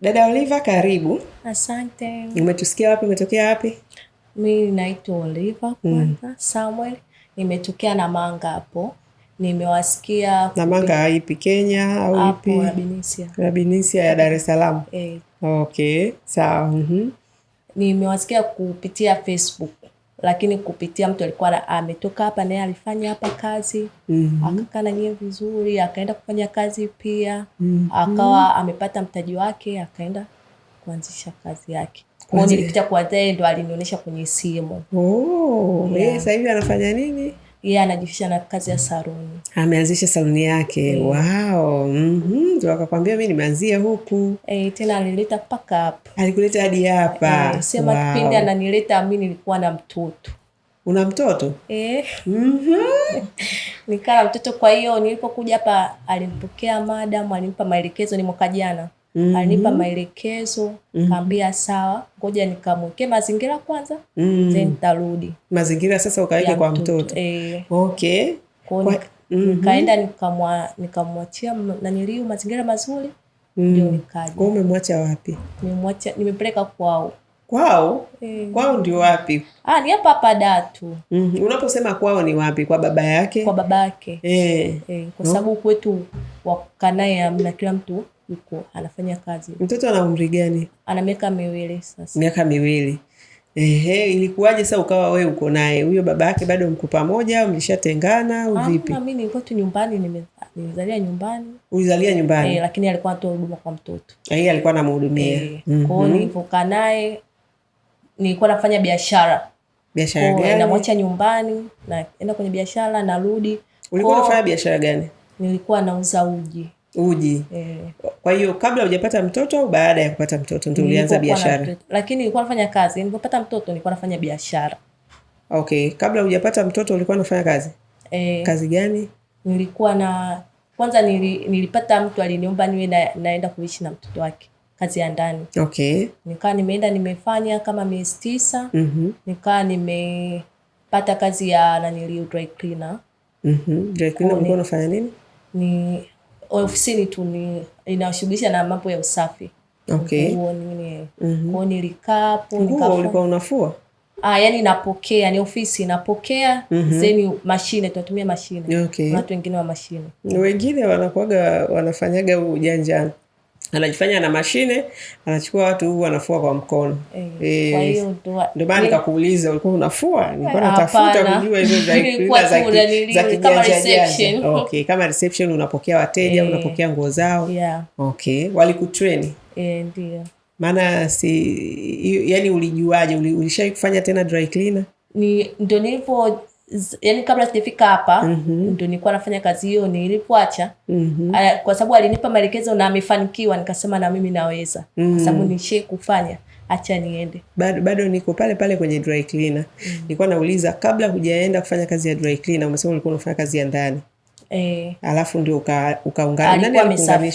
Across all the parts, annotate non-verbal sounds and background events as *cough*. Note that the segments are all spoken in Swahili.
Dada Oliva, karibu. Asante. Umetusikia wapi? Umetokea wapi? Mimi naitwa Oliva mm. kwanza, mm. Samuel. Nimetokea Namanga hapo, nimewasikia. Namanga ipi? Kenya au ipi? Rabinisia. Rabinisia ya Dar es Salaam. Eh. Okay, sawa. mm -hmm. Nimewasikia kupitia Facebook lakini kupitia mtu alikuwa ametoka hapa naye alifanya hapa kazi mm -hmm. akakaa nyie vizuri, akaenda kufanya kazi pia mm -hmm. akawa amepata mtaji wake, akaenda kuanzisha kazi yake kwao. Nilipita kwa ndo alinionyesha kwenye simu. Oh, yeah. Sasa hivi anafanya nini? yeye anajihusisha na kazi ya saruni Ameanzisha saruni yake e. Eh. Wao mm -hmm. akakwambia mi nimeanzia huku e, tena alileta mpaka hapa, alikuleta hadi hapa e, eh, sema wow. Kipindi ananileta mi nilikuwa na mtoto. Una mtoto e. mm -hmm. Nikaa mtoto, kwa hiyo nilipokuja hapa alimpokea madam, alimpa maelekezo, ni mwaka jana mm -hmm. Kanipa maelekezo mm -hmm. Kaambia sawa, ngoja nikamwekee mazingira kwanza mm -hmm. Then nitarudi. Mazingira sasa ukaweke kwa mtoto eh. Okay. Kwa, mm-hmm. nikaenda mm -hmm. Nikamwachia naniliu mazingira mazuri mm. Ndio nikaja. Kwa umemwacha wapi? Nimemwacha, nimepeleka kwao. Kwao e. Kwao ndio wapi? Ah, ni hapa hapa Datu. mm -hmm. Unaposema kwao ni wapi? Kwa baba yake? Kwa babake. Eh. e. Kwa sababu no. Kwetu wakanae amna, kila mtu yuko anafanya kazi. Mtoto ana umri gani? Ana miaka miwili sasa. Miaka miwili. Ehe, ilikuwaje sasa ukawa wewe uko naye? Huyo baba yake bado mko pamoja au mlishatengana au ah, vipi? Mimi nilikuwa tu nyumbani, nimezalia nyumbani. Ulizalia nyumbani? Eh, lakini alikuwa anatoa huduma kwa mtoto. Eh, alikuwa anamhudumia. E, mm -hmm. Kwa hiyo mhm. nilipokaa naye nilikuwa nafanya biashara. Biashara gani? Namwacha nyumbani, na enda kwenye biashara, narudi. Ulikuwa unafanya biashara gani? Nilikuwa nauza uji. Uji. Eh. Kwa hiyo kabla hujapata mtoto au baada ya kupata mtoto ndio ulianza biashara? Lakini nilikuwa nafanya kazi, nilipopata mtoto nilikuwa nafanya biashara. Okay, kabla hujapata mtoto ulikuwa unafanya kazi e? kazi gani? Nilikuwa na kwanza nili, nilipata mtu aliniomba niwe na, naenda kuishi na mtoto wake kazi ya ndani. Okay, nikaa nimeenda nimefanya kama miezi tisa. mm -hmm. Nikaa nimepata kazi ya nanili dry cleaner. mm -hmm. Dry cleaner ulikuwa unafanya nini? ni ofisini tu ni inashughulisha na mambo ya usafi. Okay. Nguo nini. Mhm. Ulikuwa unafua? Ah, yani napokea, ni ofisi napokea. Mm -hmm. Zeni mashine tunatumia mashine. Okay. Watu wengine wa mashine. Wengine wanakuaga wanafanyaga ujanja anajifanya na mashine anachukua watu huu wanafua kwa mkono e, ndio maana nikakuuliza ulikuwa unafua, nilikuwa natafuta kujua hizo za *laughs* *laughs* Okay, kama reception unapokea wateja e, unapokea nguo zao yeah. Okay, walikutreni e, ndio maana si, yani ulijuaje? Ulishai kufanya tena dry cleaner? Ni ndo nilipo yani kabla sijafika hapa mm -hmm. ndio nilikuwa nafanya kazi hiyo nilipoacha mm -hmm. kwa sababu alinipa maelekezo na amefanikiwa, nikasema na mimi naweza mm -hmm. kwa mhm. sababu nishie kufanya acha niende. Bado, bado niko pale pale kwenye dry cleaner. Mm. Nilikuwa nauliza kabla hujaenda kufanya kazi ya dry cleaner, umesema ulikuwa unafanya kazi ya ndani eh, alafu ndio ukaungana. Alikuwa ah,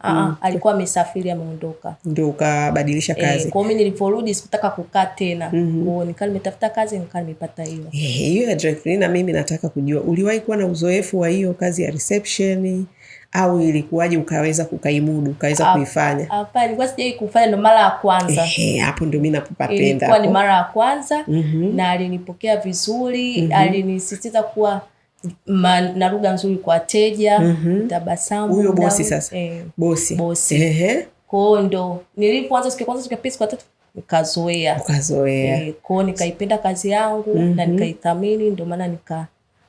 ah, mm. alikuwa amesafiri, ameondoka, ndio ukabadilisha eh, kazi. eh, Kwa mimi niliporudi sikutaka kukaa tena, mm-hmm. nikaa nimetafuta kazi, nikaa nimepata hiyo eh, hiyo ya drive. Na mimi nataka kujua uliwahi kuwa na uzoefu wa hiyo kazi ya reception au ilikuwaje ukaweza kukaimudu ukaweza kuifanya? hapa ilikuwa sijai kufanya, ndo mara ya kwanza. Ehe, eh, hapo ndio mimi napapenda, ilikuwa ni mara ya kwanza mm -hmm. na alinipokea vizuri mm -hmm. alinisisitiza kuwa na lugha nzuri kwa wateja mm -hmm. tabasamu. Huyo bosi sasa eh, bosi bosi ehe, kwao ndo nilipoanza siku kwanza siku ya pili kwa tatu nikazoea ukazoea eh, kwao nikaipenda kazi yangu mm -hmm. na nikaithamini, ndio maana nika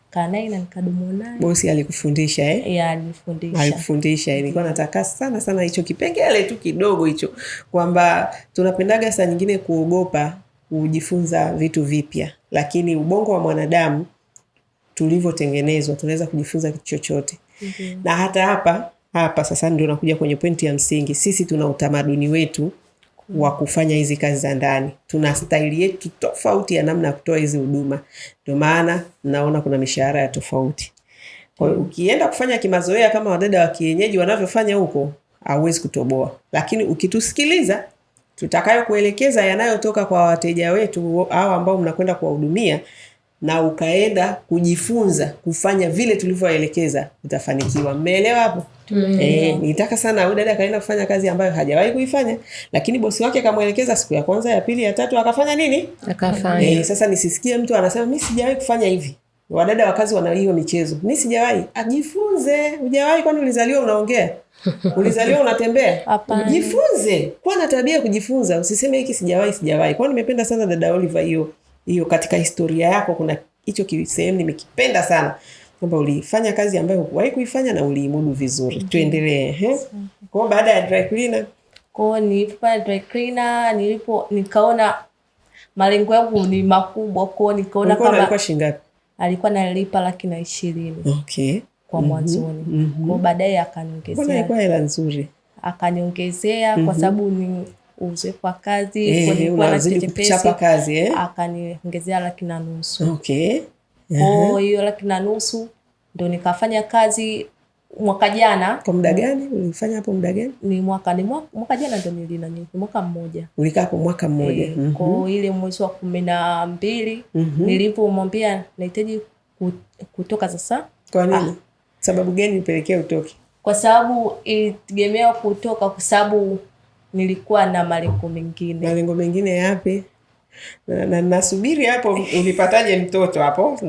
kanae na nikadumu naye. Bosi alikufundisha eh? eh alifundisha alifundisha Alikufundisha. Eh. Nilikuwa nataka sana sana hicho kipengele tu kidogo hicho kwamba tunapendaga saa nyingine kuogopa kujifunza vitu vipya, lakini ubongo wa mwanadamu tulivyotengenezwa tunaweza kujifunza kitu chochote. mm -hmm. Na hata hapa hapa sasa ndio nakuja kwenye pointi ya msingi. Sisi tuna utamaduni wetu wa mm-hmm. kufanya hizi kazi za ndani, tuna staili yetu tofauti ya namna ya kutoa hizi huduma, ndio maana naona kuna mishahara ya tofauti. Kwa hiyo ukienda kufanya kimazoea kama wadada wa kienyeji wanavyofanya huko, hauwezi kutoboa, lakini ukitusikiliza tutakayokuelekeza yanayotoka kwa wateja wetu hao ambao mnakwenda kuwahudumia, na ukaenda kujifunza kufanya vile tulivyoelekeza, utafanikiwa. Mmeelewa hapo? Eh, nitaka sana huyu dada akaenda kufanya kazi ambayo hajawahi kuifanya, lakini bosi wake akamwelekeza siku ya kwanza, ya pili, ya tatu, akafanya nini? Akafanya. Eh, sasa nisisikie mtu anasema mimi sijawahi kufanya hivi. Wadada wa kazi wana hiyo michezo, Mimi sijawahi. Ajifunze. Hujawahi? Kwani ulizaliwa unaongea? *laughs* Ulizaliwa unatembea? Jifunze, Kwa na tabia kujifunza. Usiseme hiki sijawahi, sijawahi. Kwani nimependa sana dada Oliver hiyo hiyo katika historia yako kuna hicho kisehemu nimekipenda sana kwamba ulifanya kazi ambayo hukuwahi kuifanya na uliimudu vizuri. mm Tuendelee eh? kwao. Baada ya dry cleaner kwao, nilipopata dry cleaner nilipo nikaona malengo yangu ni makubwa kwao, nikaona kama alikuwa shilingi ngapi? Alikuwa nalipa laki na ishirini okay. kwa mhm. mwanzoni mm -hmm. kwao, baadaye akaniongezea. Alikuwa hela nzuri, akaniongezea mm -hmm. kwa mhm. sababu ni uzoefu wa kazi eh, eh unazidi kuchapa kazi eh? Akaniongezea laki na nusu. Okay. uh Kwa uh-huh. hiyo laki na nusu ndo nikafanya kazi mwaka jana. Kwa muda gani ulifanya hapo? Muda gani? Ni mwaka ni mwaka, mwaka jana ndo nilina ni mwaka mmoja. Ulikaa hapo mwaka mmoja e, mm -hmm. ile mwezi wa kumi na mbili mm -hmm. Uh-huh. nilipomwambia nahitaji kutoka sasa. Kwa nini? Ah. Sababu gani nipelekea utoke? Kwa sababu ilitegemea kutoka kwa sababu nilikuwa na malengo mengine. Malengo mengine yapi? na, na, nasubiri hapo, ulipataje mtoto hapo?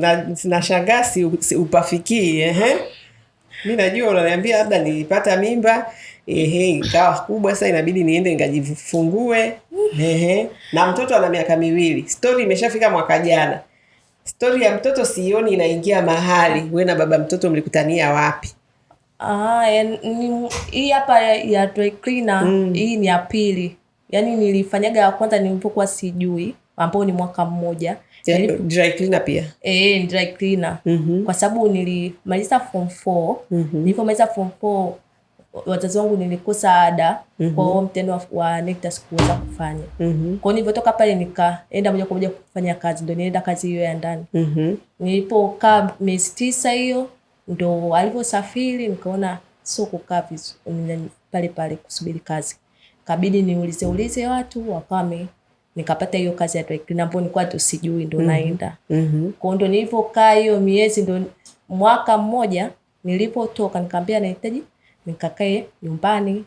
Nashangaa na si, si upafikii. eh? mi najua unaniambia labda nilipata mimba ehe, ikawa kubwa, sasa inabidi niende nikajifungue. Ehe, na mtoto ana miaka miwili, stori imeshafika mwaka jana. Stori ya mtoto sioni inaingia mahali. We na baba mtoto mlikutania wapi? Aa, ah, hii hapa ya dry cleaner mm. Hii ni ya pili, yaani nilifanyaga ya kwanza nilipokuwa sijui, ambao ni mwaka mmoja yeah, Nilipo... Yaani dry cleaner pia eh, dry cleaner mm -hmm. Kwa sababu nilimaliza form 4 mm -hmm. Nilipomaliza form 4 wazazi wangu nilikosa ada mm -hmm. Kwa hiyo mtendo wa, wa NECTA sikuweza kufanya mm -hmm. Kwa hiyo nilivyotoka pale nikaenda moja kwa moja kufanya kazi, ndio nienda kazi hiyo ya ndani mm -hmm. Nilipokaa miezi tisa hiyo ndo alivyosafiri nikaona sio kukaa pale pale kusubiri kazi, kabidi niulize ulize watu wakame, nikapata hiyo kazi ya dry cleaner ambayo nilikuwa tu sijui ndo mhm. naenda mm -hmm. Ndo nilivyokaa hiyo miezi, ndo mwaka mmoja nilipotoka, nikaambia nahitaji nikakae nyumbani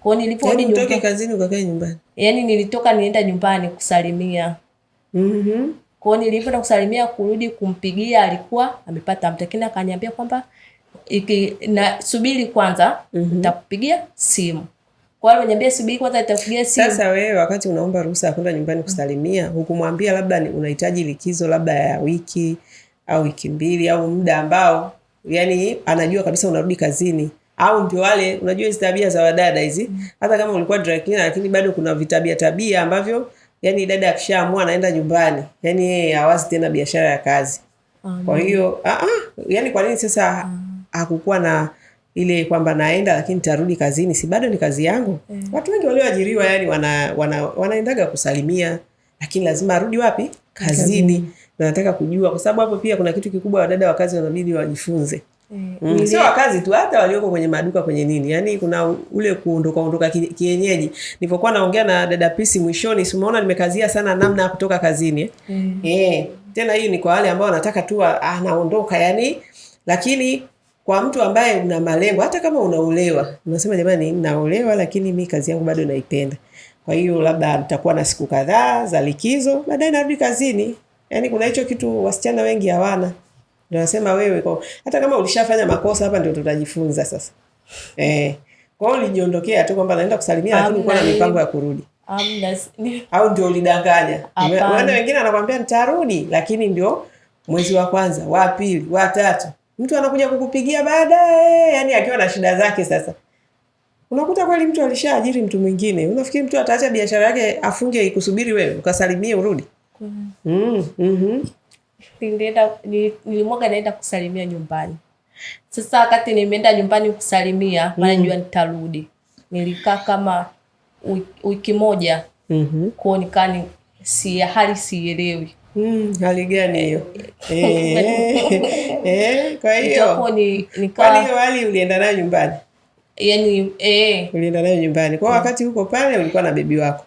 kwao. Niliporudi yaani nyumbani, kazini ukakae nyumbani, yani nilitoka nienda nyumbani kusalimia mm -hmm. Kwa hiyo nilivyoenda kusalimia kurudi kumpigia alikuwa amepata mtu, lakini akaniambia kwamba iki na subiri kwanza mhm. nitakupigia mm -hmm. simu. Kwa hiyo niambia subiri kwanza nitakupigia simu. Sasa wewe wakati unaomba ruhusa ya kwenda nyumbani kusalimia, hukumwambia labda unahitaji likizo labda ya wiki au wiki mbili au muda ambao yani anajua kabisa unarudi kazini au ndio wale unajua hizi tabia za wadada hizi, mm. hata kama ulikuwa dry cleaner, lakini bado kuna vitabia tabia ambavyo yani dada akishaamua anaenda nyumbani, yani yeye hawazi tena biashara ya kazi. Amen. Kwa hiyo ah, ah, yani kwa nini sasa mm. hakukuwa na ile kwamba naenda lakini tarudi kazini, si bado ni kazi yangu? Yeah. Watu wengi walioajiriwa yani wana, wana, wanaendaga kusalimia, lakini lazima arudi wapi? Kazini. Kazini. Na nataka kujua kwa sababu hapo pia kuna kitu kikubwa wadada wa kazi wanabidi wajifunze. Mm. Mm. Sio wakazi tu, hata walioko kwenye maduka kwenye nini, yaani kuna ule kuondoka ondoka kienyeji. Nilipokuwa naongea na dada Pisi mwishoni, simeona nimekazia sana namna ya kutoka kazini eh? mm. Eh, tena hii ni kwa wale ambao wanataka tu anaondoka ah, yani, lakini kwa mtu ambaye una malengo, hata kama unaolewa unasema jamani, naolewa lakini mi kazi yangu bado naipenda, kwa hiyo labda nitakuwa na siku kadhaa za likizo, baadaye narudi kazini. Yani kuna hicho kitu wasichana wengi hawana. Ndio nasema wewe kwa hata kama ulishafanya makosa hapa ndio tutajifunza sasa. Eh. Kwa hiyo ulijiondokea tu kwamba naenda kusalimia lakini ulikuwa na mipango ya kurudi. Amna. Au ndio ulidanganya? Wale wengine anakuambia nitarudi lakini ndio mwezi wa kwanza, wa pili, wa tatu. Mtu anakuja kukupigia baadaye, yani akiwa na shida zake sasa. Unakuta kweli mtu alishaajiri mtu mwingine. Unafikiri mtu ataacha biashara yake afunge ikusubiri wewe ukasalimie urudi? Mm. Mm. hmm nilienda nilimwaga naenda kusalimia nyumbani. Sasa wakati nimeenda nyumbani kusalimia, maana mm. najua nitarudi, nilikaa kama wiki moja mm -hmm. nikani si hali sielewi Hmm, hali gani hiyo? Kwa hiyo hali ulienda nayo nyumbani, yaani eh, ulienda nayo nyumbani. Kwa mm. wakati huko pale ulikuwa na bibi wako?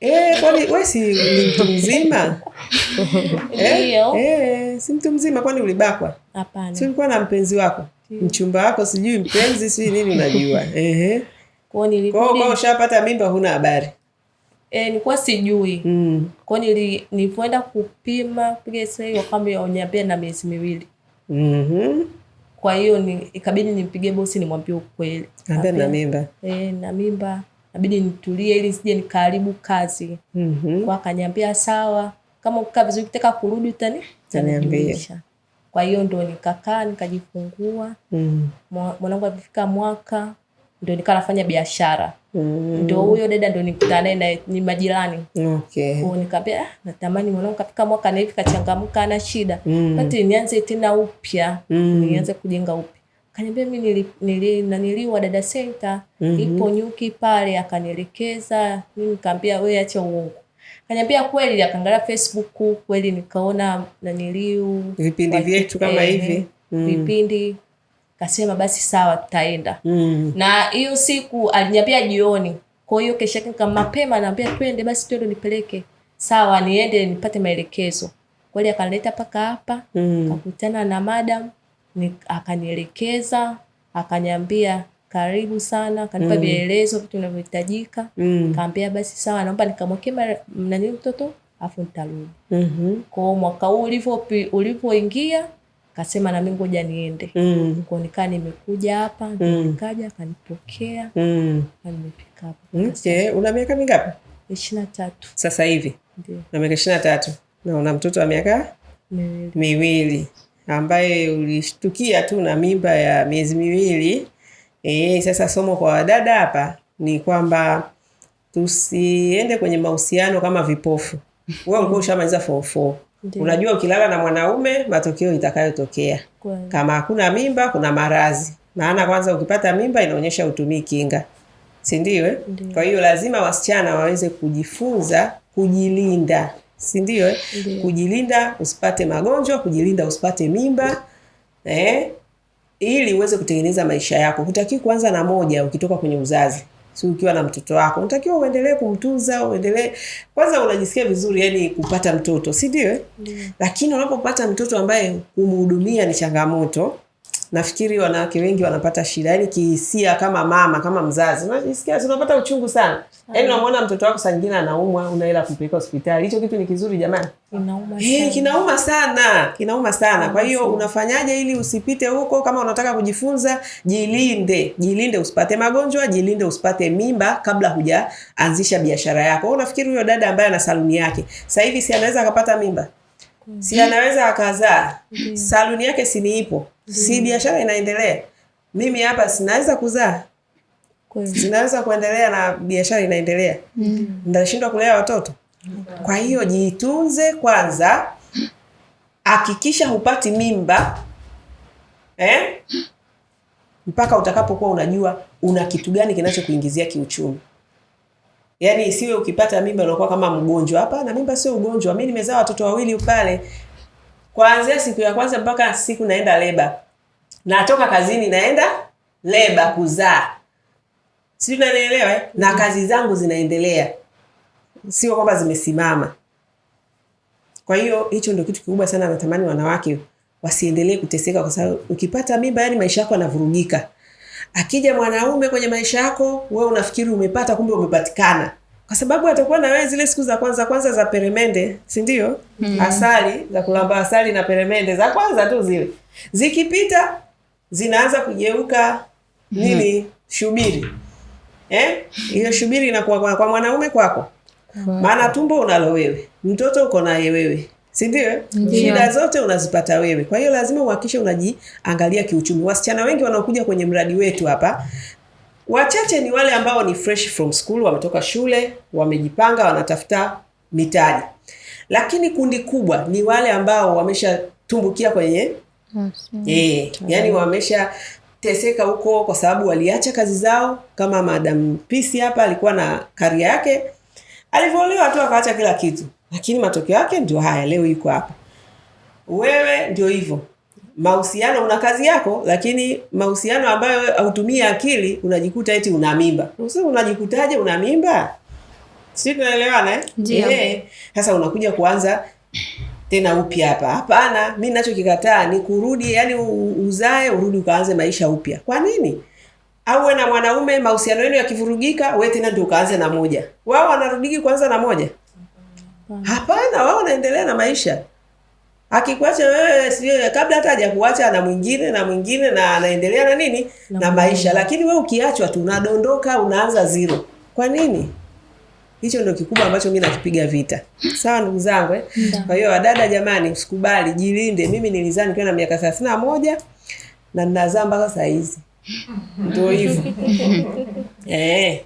Eh, kwani we si ni mtu mzima? Eh, Ndio. Eh, si mtu mzima kwani ulibakwa? Hapana. Si ulikuwa na mpenzi wako? Mchumba wako sijui mpenzi si nini unajua. *laughs* Ehe. Kwa ushapata mimba huna habari. E, nilikuwa sijui. Mm. kwao hiyo nilipoenda kupima kupiga sai wakambi waniambia na miezi miwili. mm-hmm. Kwa hiyo ni ikabidi nimpige bosi nimwambie ukweli. Ambia na mimba. Eh, na mimba nabidi nitulie ili sije nikaharibu kazi. mm -hmm. Kwa akaniambia sawa, kama ukikaa vizuri ukitaka kurudi utani utanijulisha. Kwa hiyo ndo nikakaa nikajifungua. mm Mwanangu alipofika mwaka ndo nikaa nafanya biashara. mm. Ndo huyo dada ndo nikutana naye na ni majirani. Okay. Kwa nikamwambia ah, natamani mwanangu kafika mwaka na hivi kachangamka, ana shida. mm. Nianze tena upya. mm. Nianze kujenga upya. Kaniambia mimi nili, nili, naniliwa dada center mm -hmm. ipo nyuki pale, akanielekeza mimi, nikaambia wewe acha uongo. Kaniambia kweli, akaangalia Facebook kweli, nikaona naniliu vipindi vyetu kama hivi mm. vipindi kasema basi sawa, tutaenda mm. na hiyo siku aliniambia jioni, kwa hiyo kesha yake kama mapema anaambia twende, basi twende nipeleke, sawa niende nipate maelekezo kweli, akanileta mpaka hapa mm. kakutana na madam akanielekeza, akaniambia karibu sana, akanipa mm. vitu vinavyohitajika mm. kaambia basi sawa, naomba nikamweke nani mtoto afu nitarudi. mm -hmm. Kwao mwaka huu ulivyoingia kasema nami ngoja niende. mm. kwa nikaa nimekuja hapa mm. nikaja akanipokea mm. nimefika hapa. Okay. una miaka mingapi? ishirini na tatu sasa hivi. Ndio. na miaka ishirini na tatu na una mtoto wa miaka miwili ambaye ulishtukia tu na mimba ya miezi miwili. E, sasa somo kwa wadada hapa ni kwamba tusiende kwenye mahusiano kama vipofu. *laughs* Wewe ulikuwa ushamaliza form Unajua ukilala na mwanaume matokeo itakayotokea. Kama hakuna mimba kuna marazi Maana kwanza ukipata mimba inaonyesha utumii kinga. Si eh? ndio? Kwa hiyo lazima wasichana waweze kujifunza kujilinda si ndio eh? Kujilinda usipate magonjwa, kujilinda usipate mimba eh? Ili uweze kutengeneza maisha yako, hutakiwi kuanza na moja. Ukitoka kwenye uzazi, si ukiwa na mtoto wako, unatakiwa uendelee kumtunza, uendelee kwanza, unajisikia vizuri yani kupata mtoto, si ndio eh? Lakini unapopata mtoto ambaye kumhudumia ni changamoto Nafikiri wanawake wengi wanapata shida, yani kihisia, kama mama, kama mzazi, unajisikia tunapata uchungu sana, Yaani unamwona mtoto wako saa nyingine anaumwa, una hela kumpeleka hospitali. Hicho kitu ni kizuri jamani. Kinauma eh, sana. Hey, kinauma sana. Kinauma sana. Kwa hiyo unafanyaje ili usipite huko? Kama unataka kujifunza, jilinde. Jilinde usipate magonjwa, jilinde usipate mimba kabla hujaanzisha biashara yako. Wewe unafikiri huyo dada ambaye ana saluni yake, sasa hivi si anaweza akapata mimba? Mm. Si anaweza akazaa? Mm. Saluni yake si ipo? Si mm. biashara inaendelea? Mimi hapa sinaweza kuzaa? zinaweza kuendelea na biashara inaendelea, mm. ndashindwa kulea watoto. Kwa hiyo jitunze kwanza, hakikisha hupati mimba eh? mpaka utakapokuwa unajua una kitu gani kinachokuingizia kiuchumi. Yaani siwe ukipata mimba unakuwa kama mgonjwa. Hapana, mimba sio ugonjwa. mi nimezaa watoto wawili pale, kwanzia siku ya kwanza mpaka siku naenda leba, natoka kazini naenda leba kuzaa sijui nanielewa eh? na mm. kazi zangu zinaendelea, sio kwamba zimesimama. Kwa hiyo hicho ndio kitu kikubwa sana natamani wanawake wasiendelee kuteseka, kwa sababu ukipata mimba, yani maisha yako yanavurugika. Akija mwanaume kwenye maisha yako, wewe unafikiri umepata, kumbe umepatikana kwa sababu atakuwa na wewe zile siku za kwanza kwanza za peremende, si ndio? mm. Asali za kulamba, asali na peremende za kwanza tu zile zikipita, zinaanza kugeuka mm. nini? mm. Shubiri eh? Hiyo shubiri inakuwa kwa, kwa mwanaume kwako, maana tumbo unalo wewe, mtoto uko naye wewe, si ndio? Shida zote unazipata wewe. Kwa hiyo lazima uhakikishe unajiangalia kiuchumi. Wasichana wengi wanaokuja kwenye mradi wetu hapa wachache ni wale ambao ni fresh from school, wametoka shule, wamejipanga, wanatafuta mitaji, lakini kundi kubwa ni wale ambao wameshatumbukia kwenye yes, E, yani wamesha waliteseka huko kwa sababu waliacha kazi zao, kama Madam pisi hapa alikuwa na karia yake, alivyoolewa tu akaacha kila kitu, lakini matokeo yake ndio haya, leo yuko hapa. Wewe ndio hivyo, mahusiano una kazi yako, lakini mahusiano ambayo hautumii akili unajikuta eti una mimba. unajikutaje una mimba? si tunaelewana eh? eh. Sasa unakuja kuanza tena upya hapa. Hapana, mi nachokikataa ni kurudi, yani uzae urudi ukaanze maisha upya. Kwa nini? awe na mwanaume, mahusiano yenu yakivurugika, we tena ndio ukaanze na moja. Wao wanarudiki kwanza na moja? Hapana, wao wanaendelea na maisha akikuacha wewe, sio kabla hata hajakuacha na mwingine na mwingine na anaendelea na nini na, na maisha. Lakini we ukiachwa tu unadondoka, unaanza zero. Kwa nini? Hicho ndio kikubwa ambacho mi nakipiga vita. Sawa ndugu zangu eh? Kwa hiyo wadada, jamani, msikubali, jilinde. Mimi nilizaa nikiwa na miaka thelathini na moja na ninazaa mpaka saa hizi ndio hivyo *laughs* eh.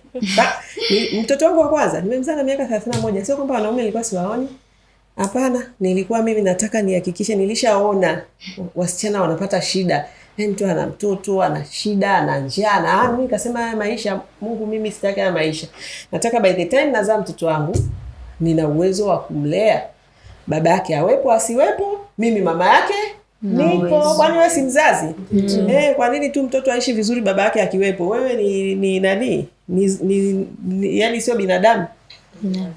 Mtoto wangu wa kwanza nimemzaa na miaka thelathini na moja. Sio kwamba wanaume nilikuwa siwaoni, hapana. Nilikuwa mimi nataka nihakikishe nilishaona wasichana wanapata shida mtu ana mtoto ana shida ana njaa na ah, mimi nikasema haya maisha, Mungu, mimi sitaki haya maisha. Nataka by the time nazaa mtoto wangu nina uwezo wa kumlea, baba yake awepo asiwepo, mimi mama yake nipo. Kwani wewe si mzazi? mm. Eh, kwa nini tu mtoto aishi vizuri baba yake akiwepo? Wewe ni ni nani? Ni, ni, ni yani sio binadamu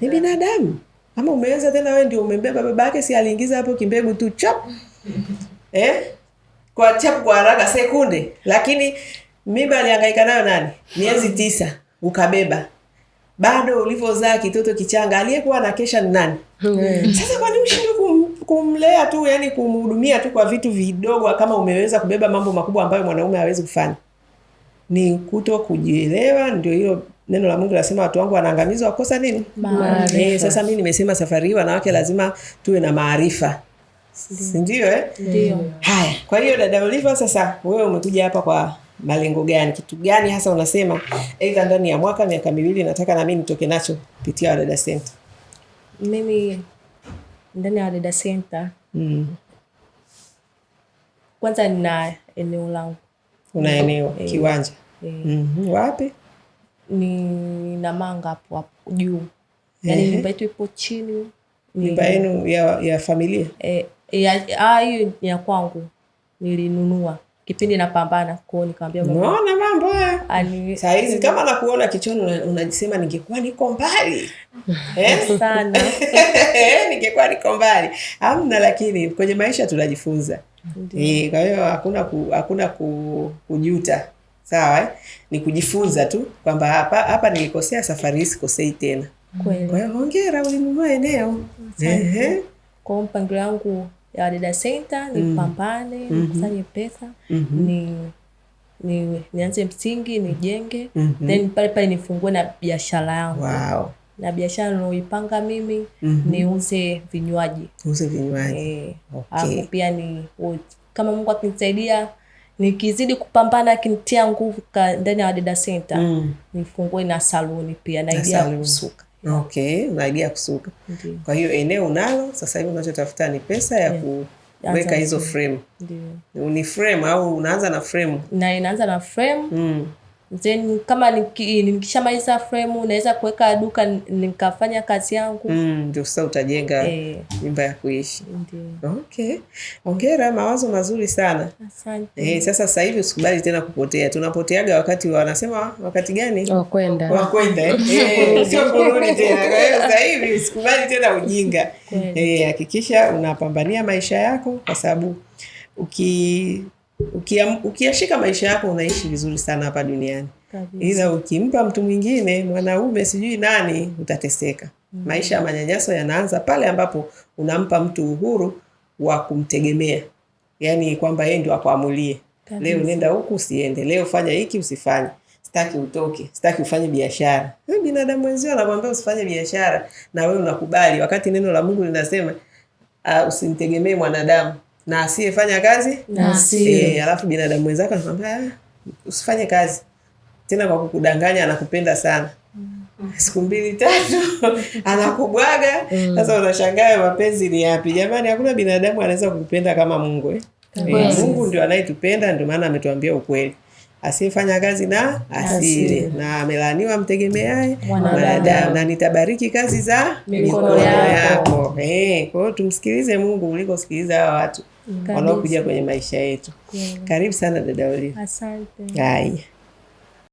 Ni binadamu ama umeweza tena, wewe ndio umembeba baba yake, si aliingiza hapo kimbegu tu chop mm. eh kwa chapu kwa haraka sekunde, lakini mimba alihangaika nayo nani? Miezi hmm. tisa ukabeba bado ulivyozaa kitoto kichanga aliyekuwa na kesha ni nani? Hmm. Sasa kwani ushindwe kum, kumlea tu yani kumhudumia tu kwa vitu vidogo, kama umeweza kubeba mambo makubwa ambayo mwanaume hawezi kufanya? Ni kuto kujielewa. Ndio hilo neno la Mungu lasema watu wangu wanaangamizwa wakosa nini? Maarifa. Eh, sasa mi nimesema safari hii wanawake lazima tuwe na maarifa si ndio eh? Ndio. Haya, kwa hiyo dada Oliva, sasa wewe umekuja hapa kwa malengo gani? Kitu gani hasa unasema aidha ndani ya mwaka miaka miwili nataka nami nitoke nacho kupitia Wadada Center? Mimi ndani ya Wadada Center mm. Kwanza nina eneo langu, una eneo e, kiwanja e. Mm -hmm. Wapi? ni na manga hapo hapo juu, yaani eh. nyumba yetu ipo chini, nyumba yenu ya, ya familia e. Ah, hiyo ni ya kwangu, nilinunua kipindi napambana kwao, nikamwambia unaona mambo haya saa hizi, kama nakuona kichwani unajisema ningekuwa niko mbali *laughs* eh? sana *laughs* ningekuwa niko mbali amna, lakini kwenye maisha tunajifunza eh, kwa hiyo hakuna ku, hakuna ku, kujuta sawa eh? Ni kujifunza tu kwamba hapa hapa nilikosea, safari hii sikosei tena. Kwa hiyo hongera, ulinunua eneo kwa mpangilio wangu ya Wadada Center ni mm-hmm. pampane mm -hmm. nikusanye pesa mm -hmm. ni ni nianze msingi nijenge, mm -hmm. then pale pale nifungue na biashara yangu wow. na biashara ninaoipanga mimi mm -hmm. niuze vinywaji, uze vinywaji e, okay. pia ni kama Mungu akinisaidia nikizidi kupambana akinitia nguvu ndani ya Wadada Center mm. nifungue na saluni pia na idea ya kusuka Okay, unaidia kusuka. Ndiyo. Kwa hiyo eneo unalo, sasa hivi unachotafuta ni pesa ya kuweka hizo frame. Ndiyo. Ni frame au unaanza na frame? Na inaanza na frame. Mm. Then kama nikishamaliza fremu naweza kuweka duka nikafanya kazi yangu. Mm, ndio sasa utajenga eh. nyumba ya kuishi. Okay, mawazo mazuri sana. Asante. Eh, sasa sasa hivi usikubali tena kupotea. Tunapoteaga wakati wanasema wakati gani? Wakwenda. Wakwenda. *laughs* Eh, kurudi tena. Kwa hiyo sasa hivi usikubali tena ujinga. Eh, hakikisha unapambania maisha yako kwa sababu uki ukia, ukiashika maisha yako unaishi vizuri sana hapa duniani, ila ukimpa mtu mwingine mwanaume sijui nani utateseka. mm -hmm. Maisha ya manyanyaso yanaanza pale ambapo unampa mtu uhuru wa kumtegemea, yani kwamba yeye ndio akuamulie, leo nenda huku usiende, leo fanya hiki usifanye Sitaki utoke, sitaki ufanye biashara. Yaani binadamu wenzio anakwambia usifanye biashara, na wewe unakubali, wakati neno la Mungu linasema uh, usimtegemee mwanadamu, na asiyefanya kazi nasi. Eh, Halafu binadamu wenzako anakwambia ah, usifanye kazi tena, kwa kukudanganya anakupenda sana mm-hmm. siku mbili tatu *laughs* anakubwaga mm. sasa. Mm. Unashangaa mapenzi ni yapi jamani? Hakuna binadamu anaweza kukupenda kama Mungu eh? eh yes. Mungu ndio anayetupenda, ndio maana ametuambia ukweli, asiyefanya kazi na asile, na amelaaniwa mtegemeaye mwanadamu, na nitabariki kazi za mikono yako. Eh, kwa hiyo tumsikilize Mungu kuliko sikiliza hawa watu wanaokuja kwenye maisha yetu. Karibu sana dada Oliva. Asante. Haya.